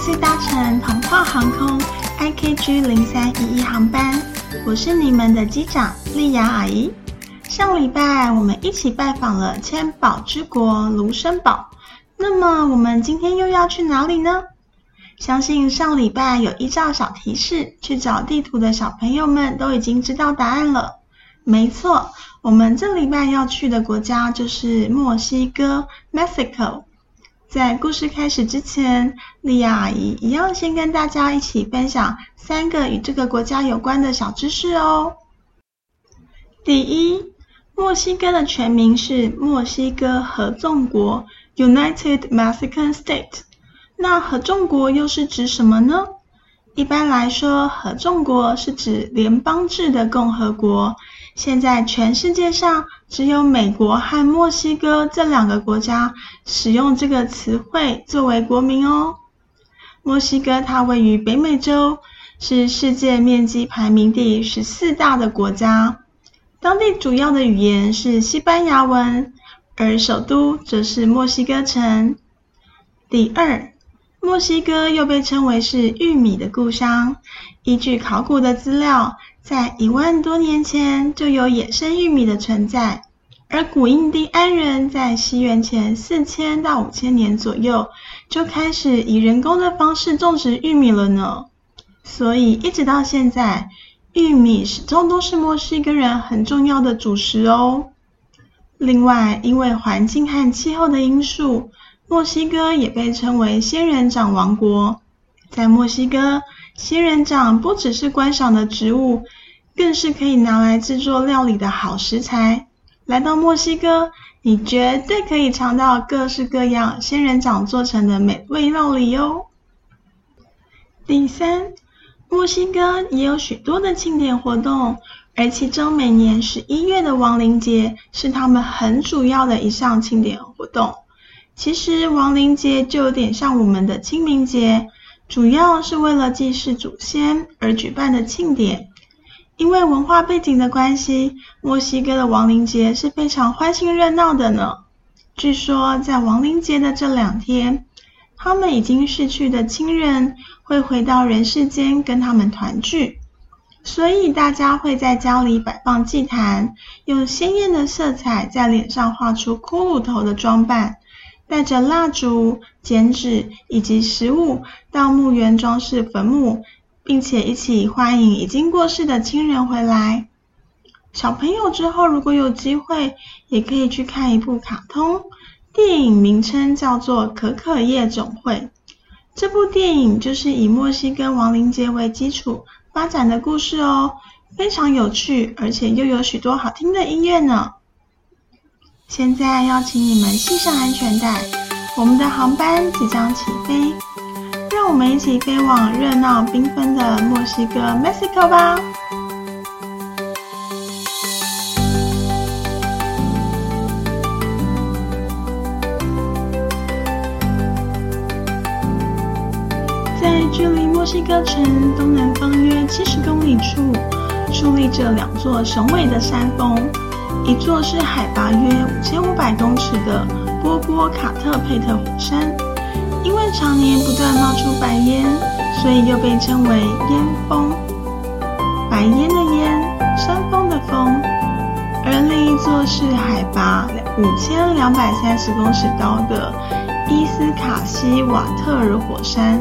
是搭乘童話航空 IKG 零三一一航班，我是你們的機長莉雅阿姨。上禮拜我們一起拜訪了千寶之國盧森堡，那麼我們今天又要去哪裡呢？相信上禮拜有依照小提示去找地圖的小朋友們都已經知道答案了。沒錯，我們這禮拜要去的國家就是墨西哥 Mexico。在故事開始之前，莉亞阿姨一樣先跟大家一起分享三個與這個國家有關的小知識哦。第一，墨西哥的全名是墨西哥合眾國 （United Mexican s t a t e 那合眾國又是指什麼呢？一般來說，合眾國是指聯邦制的共和國。現在全世界上只有美國和墨西哥這兩個國家使用這個詞彙作為國名哦。墨西哥它位於北美洲，是世界面積排名第十四大的國家。當地主要的語言是西班牙文，而首都則是墨西哥城。第二，墨西哥又被稱為是玉米的故鄉。依據考古的資料，在一萬多年前就有野生玉米的存在，而古印第安人在西元前四千到五千年左右就開始以人工的方式種植玉米了呢。所以一直到現在，玉米始終都是墨西哥人很重要的主食哦。另外，因為環境和氣候的因素，墨西哥也被稱為仙人掌王國。在墨西哥，仙人掌不只是觀賞的植物，更是可以拿來製作料理的好食材。來到墨西哥，你絕對可以嘗到各式各樣仙人掌做成的美味料理喲、哦。第三，墨西哥也有許多的慶典活動，而其中每年十一月的亡靈節是他們很主要的一項慶典活動。其實亡靈節就有點像我們的清明節。主要是為了祭祀祖先而舉辦的慶典。因為文化背景的關係，墨西哥的亡靈節是非常歡慶熱鬧的呢。據說在亡靈節的這兩天，他們已經逝去的親人會回到人世間跟他們團聚，所以大家會在家裡擺放祭壇，用鮮豔的色彩在臉上畫出骷髏頭的裝扮。帶着蠟燭、剪紙以及食物到墓園裝飾墳墓，並且一起歡迎已經過世的親人回來。小朋友之後如果有機會，也可以去看一部卡通電影，電影名稱叫做《可可夜總會》。這部電影就是以墨西哥亡靈節為基礎發展的故事哦，非常有趣，而且又有許多好聽的音樂呢。現在邀請你們系上安全帶，我們的航班即將起飛，讓我們一起飛往熱鬧繽紛的墨西哥 Mexico 吧！在距離墨西哥城東南方約七十公里處，矗立着兩座雄偉的山峰。一座是海拔約五千五百公尺的波波卡特佩特火山，因為常年不斷冒出白煙，所以又被稱為煙峰。白煙的煙，山峰的峰。而另一座是海拔五千兩百三十公尺高的伊斯卡西瓦特爾火山，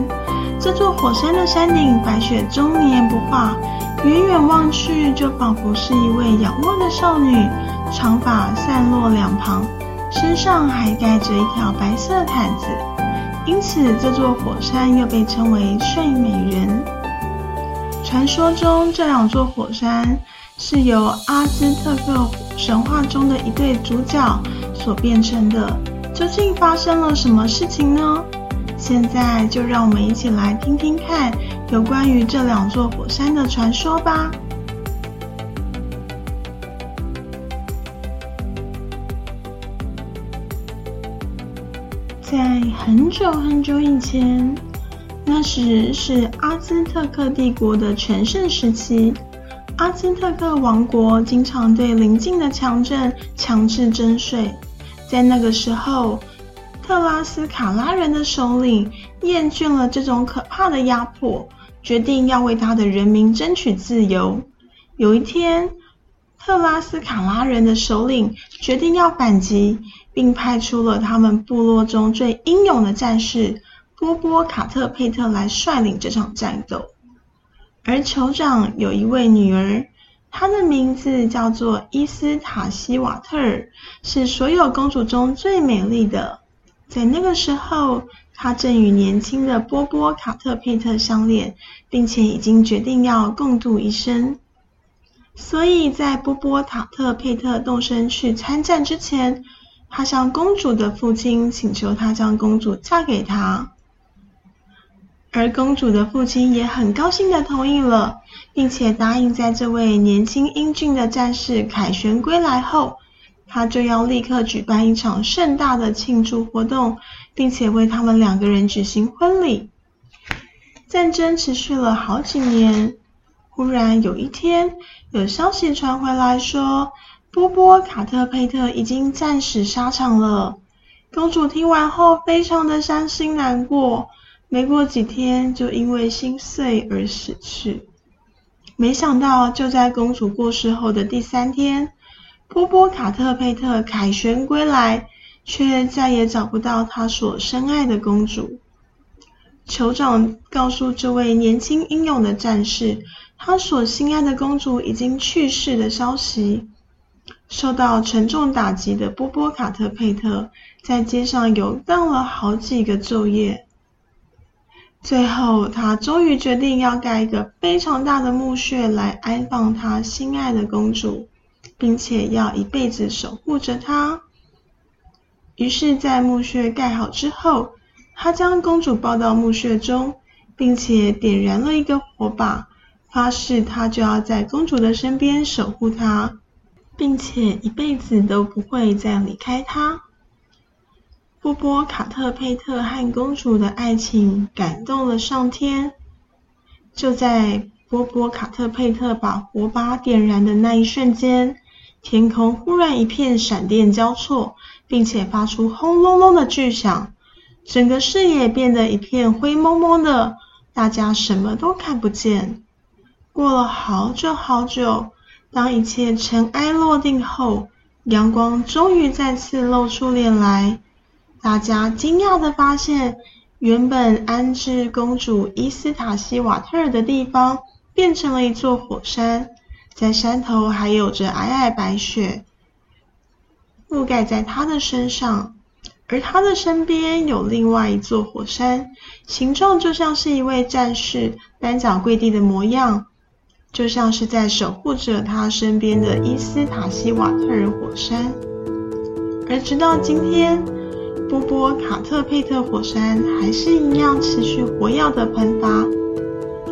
這座火山的山頂白雪終年不化，遠遠望去就仿佛是一位仰臥的少女。長髮散落兩旁，身上還蓋着一條白色毯子，因此這座火山又被稱為“睡美人”。傳說中，這兩座火山是由阿茲特克神話中的一對主角所變成的。究竟發生了什麼事情呢？現在就讓我們一起來聽聽看有關於這兩座火山的傳說吧。在很久很久以前，那時是阿茲特克帝國的全盛時期。阿茲特克王國經常對鄰近的強鎮強制徵稅。在那個時候，特拉斯卡拉人的首領厭倦了這種可怕的壓迫，決定要為他的人民爭取自由。有一天，特拉斯卡拉人的首領決定要反擊。並派出了他們部落中最英勇的戰士波波卡特佩特來率領這場戰鬥。而酋長有一位女兒，她的名字叫做伊斯塔西瓦特爾，是所有公主中最美麗的。在那個時候，她正與年輕的波波卡特佩特相戀，並且已經決定要共度一生。所以在波波卡特佩特動身去參戰之前，他向公主的父親請求，他將公主嫁給他，而公主的父親也很高興地同意了，並且答應在這位年輕英俊的戰士凱旋歸來後，他就要立刻舉辦一場盛大的慶祝活動，並且為他們兩個人舉行婚禮。戰爭持續了好幾年，忽然有一天，有消息傳回來說，波波卡特佩特已經戰死沙場了。公主聽完後，非常的傷心難過。沒過幾天，就因為心碎而死去。沒想到，就在公主過世後的第三天，波波卡特佩特凱旋歸來，卻再也找不到他所深愛的公主。酋長告訴這位年輕英勇的戰士，他所心愛的公主已經去世的消息。受到沉重打擊的波波卡特佩特在街上遊蕩了好幾個晝夜，最後他終於決定要蓋一個非常大的墓穴來安放他心愛的公主，並且要一輩子守護着她。於是，在墓穴蓋好之後，他將公主抱到墓穴中，並且點燃了一個火把，發誓他就要在公主的身邊守護她。並且一輩子都不會再離開他。波波卡特佩特和公主的愛情感動了上天。就在波波卡特佩特把火把點燃的那一瞬間，天空忽然一片閃電交錯，並且發出轟隆隆的巨響，整個視野變得一片灰蒙蒙的，大家什麼都看不見。過了好久好久，當一切塵埃落定後，陽光終於再次露出臉來。大家驚訝地發現，原本安置公主伊斯塔西瓦特爾的地方，變成了一座火山。在山頭還有着皚皚白雪，覆蓋在她的身上。而她的身邊有另外一座火山，形狀就像是一位戰士單腳跪地的模樣。就像是在守護着他身邊的伊斯塔西瓦特爾火山，而直到今天，波波卡特佩特火山還是一樣持續活躍的噴發，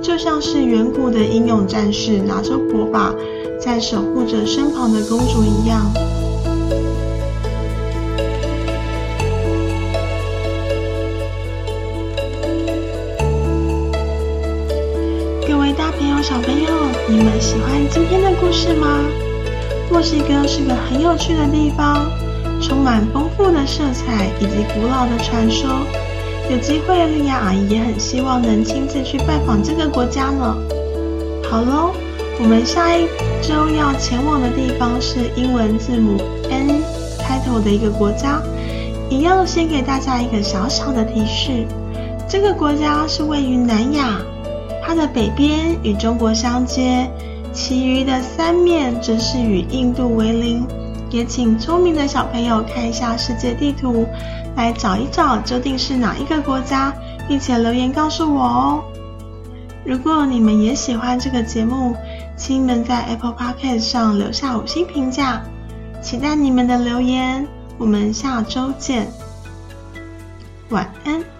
就像是遠古的英勇戰士拿着火把，在守護着身旁的公主一樣。各位大朋友、小朋友。你們喜歡今天的故事嗎？墨西哥是個很有趣的地方，充滿豐富的色彩以及古老的傳說。有機會，利亞阿姨也很希望能親自去拜訪這個國家呢。好嘍，我們下一周要前往的地方是英文字母 N 開頭的一個國家，一樣先給大家一個小小的提示，這個國家是位於南亞。它的北邊與中國相接，其餘的三面則是與印度為鄰。也請聰明的小朋友看一下世界地圖，來找一找究竟是哪一個國家，並且留言告訴我哦。如果你們也喜歡這個節目，請你們在 Apple Podcast 上留下五星評價。期待你們的留言，我們下周見。晚安。